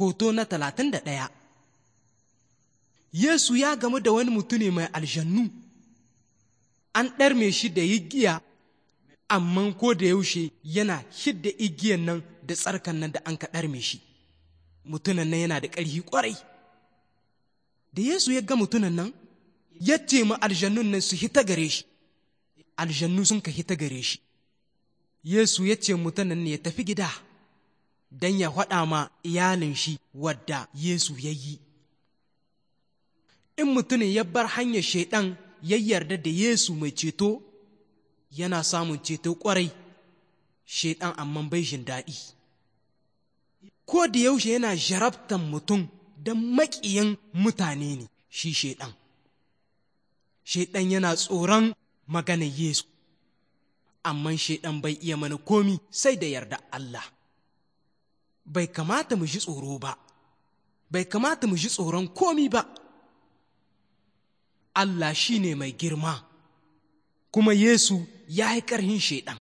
hoto na talatin da ɗaya yesu ya gamu da wani mutune mai aljannu an ɗarme shi da igiya amma ko da yaushe yana hidda igiyan nan da tsarkan nan da an ka ɗarme shi mutunan nan yana da ƙarfi ƙwarai da yesu ya ga mutunan nan ya ce ma aljannun nan su hita gare shi aljannu sun ka hita gare shi yesu ya ce mutunan nan ya tafi gida don ya faɗa ma iyalin shi wadda Yesu ya yi. In mutumin ya bar hanyar shaiɗan ya yarda da Yesu mai ceto, yana samun ceto ƙwarai, shaiɗan amma bai jin daɗi. Ko da yaushe yana jarabtan mutum don maƙiyan mutane ne shi shaiɗan. Shaiɗan yana tsoron maganar Yesu, amma shaiɗan bai iya mana komi sai da yarda Allah. bai kamata mu ji tsoro ba bai kamata mu ji tsoron komi ba Allah shi ne mai girma kuma Yesu ya yi ƙarhin shaiɗan